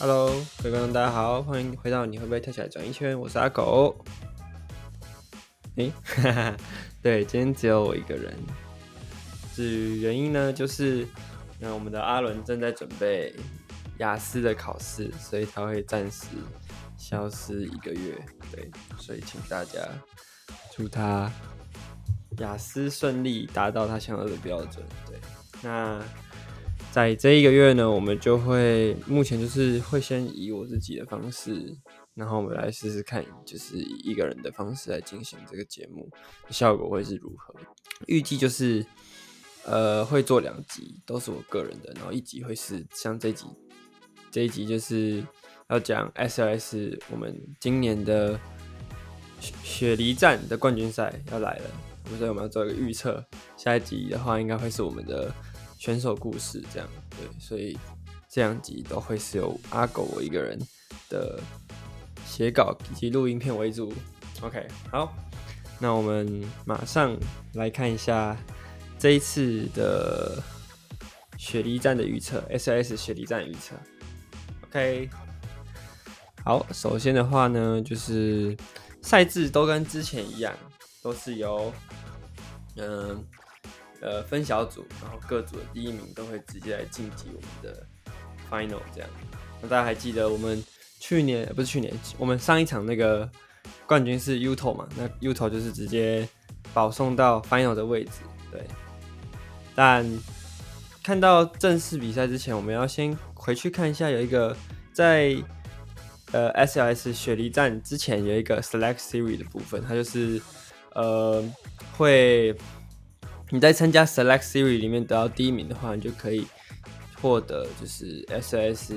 Hello，各位觀眾，大家好，歡迎回到你會不會跳起來轉一圈？我是阿狗。哎、欸， 對，今天只有我一個人。至於原因呢，就是那我們的阿倫正在準備雅思的考試，所以他會暫時消失一個月。對，所以請大家祝他雅思順利，達到他想要的標準。對，那。在這一個月呢，我們就會目前就是會先以我自己的方式，然後我們來試試看，就是以一個人的方式來進行這個節目，效果會是如何？預計就是呃會做兩集，都是我個人的，然後一集會是像這一集，這一集就是要講 SLS，我們今年的雪梨站的冠軍賽要來了，所以我們要做一個預測，下一集的話應該會是我們的。選手故事這樣對，所以這樣集都會是由阿狗我一個人的寫稿以及錄影片為主。OK，好，那我們馬上來看一下這一次的雪梨站的預測，SLS 雪梨站預測。OK，好，首先的話呢，就是賽制都跟之前一樣，都是由嗯。呃呃，分小組，然後各組的第一名都會直接來晉級我們的 final，這樣。那大家還記得我們去年，不是去年，我們上一場那個冠軍是 Uto 嘛？那 Uto 就是直接保送到 final 的位置，對。但看到正式比賽之前，我們要先回去看一下，有一個在呃 SLS 雪梨站之前有一個 select series 的部分，它就是呃會。你在參加 Select Series 裡面得到第一名的話，你就可以獲得就是 SS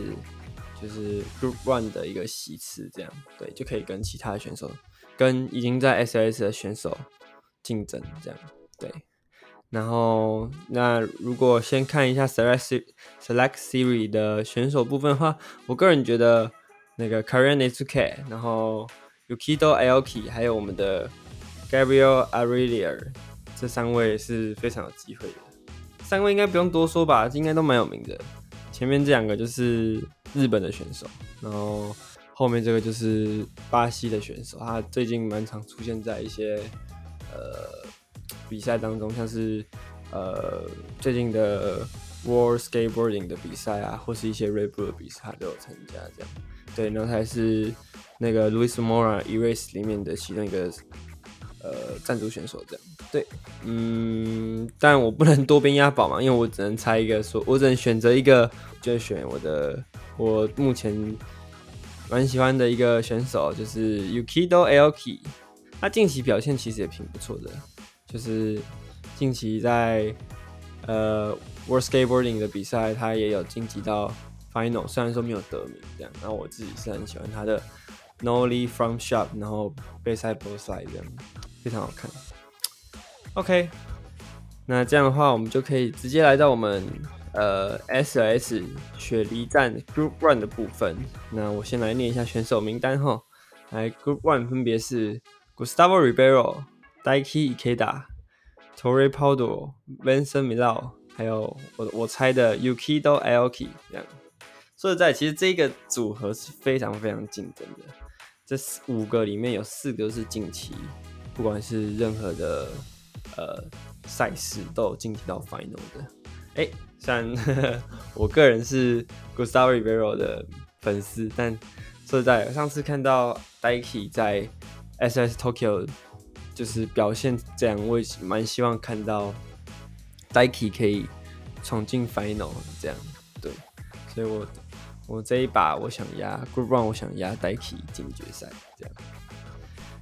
就是 Group One 的一個席次，這樣對，就可以跟其他選手、跟已經在 SS 的選手競爭，這樣對。然後那如果先看一下 Select Select Series 的選手部分的話，我個人覺得那個 Kairi Netsuke，然後 Yukito Aoki，還有我們的 Gabriel Aurelia。這三位是非常有機會的，三位應該不用多說吧，應該都蠻有名的。前面這兩個就是日本的選手，然後後面這個就是巴西的選手，他最近蠻常出現在一些呃比賽當中，像是呃最近的 World Skateboarding 的比賽啊，或是一些 Red Bull 的比賽，他都有參加。這樣，對，然後他還是那個 Luis Mora Erase 裡面的其中一個。呃，贊助選手這樣，對，嗯，但我不能多邊押寶嘛，因為我只能猜一個，說我只能選擇一個，就選我的，我目前蠻喜歡的一個選手就是 Yukito Aoki，他近期表現其實也挺不錯的，就是近期在呃 World Skateboarding 的比賽他也有晉級到 Final，雖然說沒有得名這樣，然後我自己是很喜歡他的 Nollie front shove 然後 backside boardslide 這樣。非常好看。OK，那這樣的話，我們就可以直接來到我們呃 SLS 雪梨站 Group One 的部分。那我先來念一下選手名單哈。來，Group One 分別是 Gustavo Ribeiro、Daiki Ikeda、Tori Pardo、Vincent Milow，還有我我猜的 Yukido Aoki 這樣，說實在，其實這個組合是非常非常競爭的。這五個裡面有四個是近期。不管是任何的呃賽事，都有晉級到 final 的。哎、欸，雖然呵呵我個人是 Gustavo Ribeiro 的粉絲，但說實在，上次看到 Daiki 在 SS Tokyo 就是表現這樣，我也蠻希望看到 Daiki 可以闖進 final 這樣。對，所以我我這一把我想壓 Group One 我想壓 Daiki 進決賽這樣。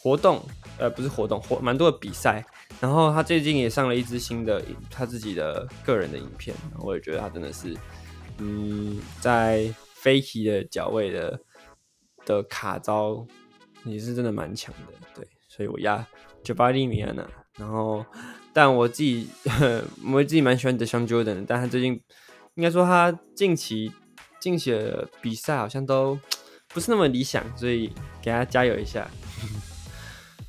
活動，呃，不是活動，活蠻多的比賽。然後他最近也上了一支新的他自己的個人的影片，我也覺得他真的是，嗯，在 fakie 的腳位的的卡招也是真的蠻強的，對。所以我押 Giovanni Vianna。 然後，但我自己呵我自己蠻喜歡 Dashawn Jordan 的，但他最近應該說他近期近期的比賽好像都不是那麼理想，所以給他加油一下。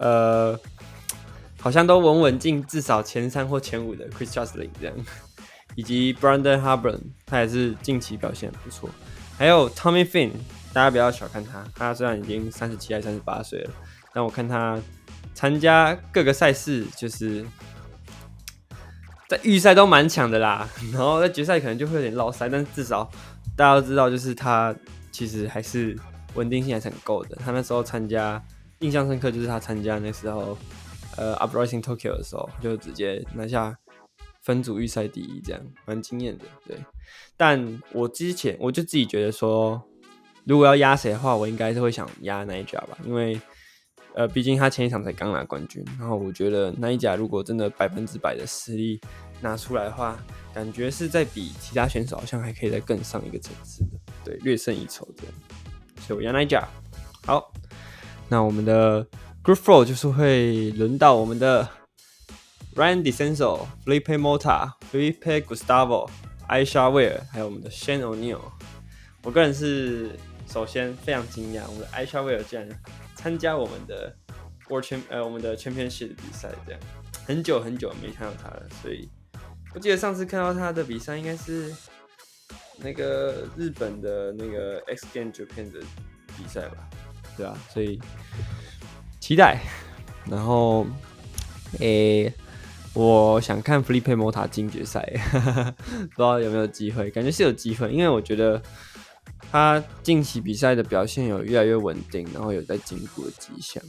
呃，好像都穩穩進至少前三或前五的 Chris Chasley 這樣，以及 Brandon Harburn，他也是近期表現不錯。還有 Tommy Finn，大家不要小看他，他雖然已經三十七還是三十八歲了，但我看他參加各個賽事，就是在預賽都蠻強的啦。然後在決賽可能就會有點落賽，但是至少大家都知道，就是他其實還是穩定性還是很夠的。他那時候參加。印象深刻就是他參加那時候，呃，Uprising Tokyo 的時候，就直接拿下分組預賽第一，這樣蠻驚艷的。對，但我之前我就自己覺得說，如果要壓誰的話，我應該是會想壓 Nyjah 吧，因為，呃，畢竟他前一場才剛拿冠軍，然後我覺得 Nyjah 如果真的百分之百的實力拿出來的話，感覺是在比其他選手好像還可以再更上一個層次的，對，略勝一籌這樣，所以我壓 Nyjah。好。那我們的 group four 就是會輪到我們的 Ryan Decenzo Felipe Mota Felipe Gustavo Ishod Wair 還有我們的 Shane O'Neill。我個人是首先非常驚訝，我們的、a、Ishod Wair 竟然參加我們的 World Champ，呃，我們的 Championship 的比賽，這樣，很久很久沒看到他了。所以我記得上次看到他的比賽，應該是那個日本的那個 X Game Japan 的比賽吧。對啊，所以期待。然後，誒，我想看 Filipe Mota 進決賽，呵呵，不知道有沒有機會？感覺是有機會，因為我覺得他近期比賽的表現有越來越穩定，然後有在進步的跡象。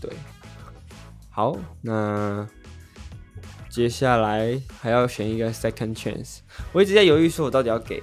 對，好，那接下來還要選一個 second chance，我一直在猶豫，說我到底要給。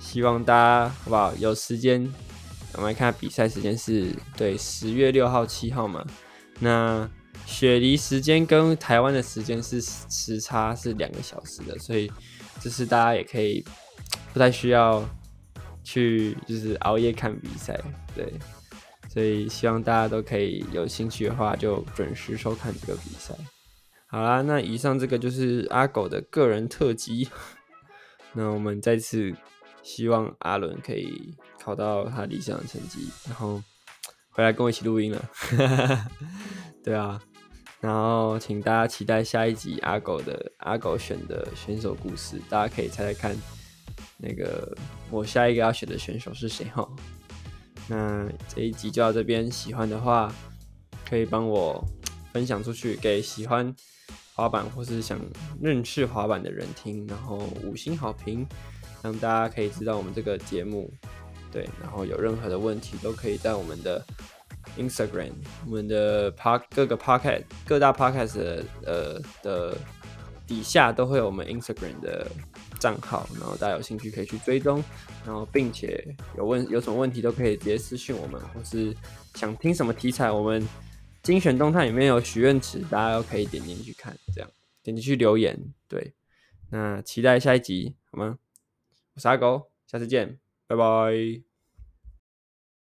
希望大家好不好？有時間我們來看，看比賽時間是對十月六號七號嘛？那雪梨時間跟台灣的時間是時差是兩個小時的，所以這是大家也可以不太需要去就是熬夜看比賽，對。所以希望大家都可以有興趣的話，就準時收看這個比賽。好啦，那以上這個就是阿狗的個人特輯。 那我們再次。希望阿倫可以考到他理想的成績，然後回來跟我一起錄音了。 對啊，然後請大家期待下一集阿狗的阿狗選的選手故事，大家可以猜猜看那個我下一個要選的選手是誰哈。那這一集就到這邊，喜歡的話可以幫我分享出去給喜歡滑板或是想認識滑板的人聽，然後五星好評。讓大家可以知道我們這個節目，對，然後有任何的問題都可以在我們的 Instagram、我們的各各個 Podcast 各大 Podcast 的呃的底下都會有我們 Instagram 的賬號，然後大家有興趣可以去追蹤，然後並且有問有什麼問題都可以直接私信我們，或是想聽什麼題材，我們精選動態裡面有許願池，大家都可以點進去看，這樣點擊去留言，對，那期待下一集，好嗎？傻狗，下次見，拜拜。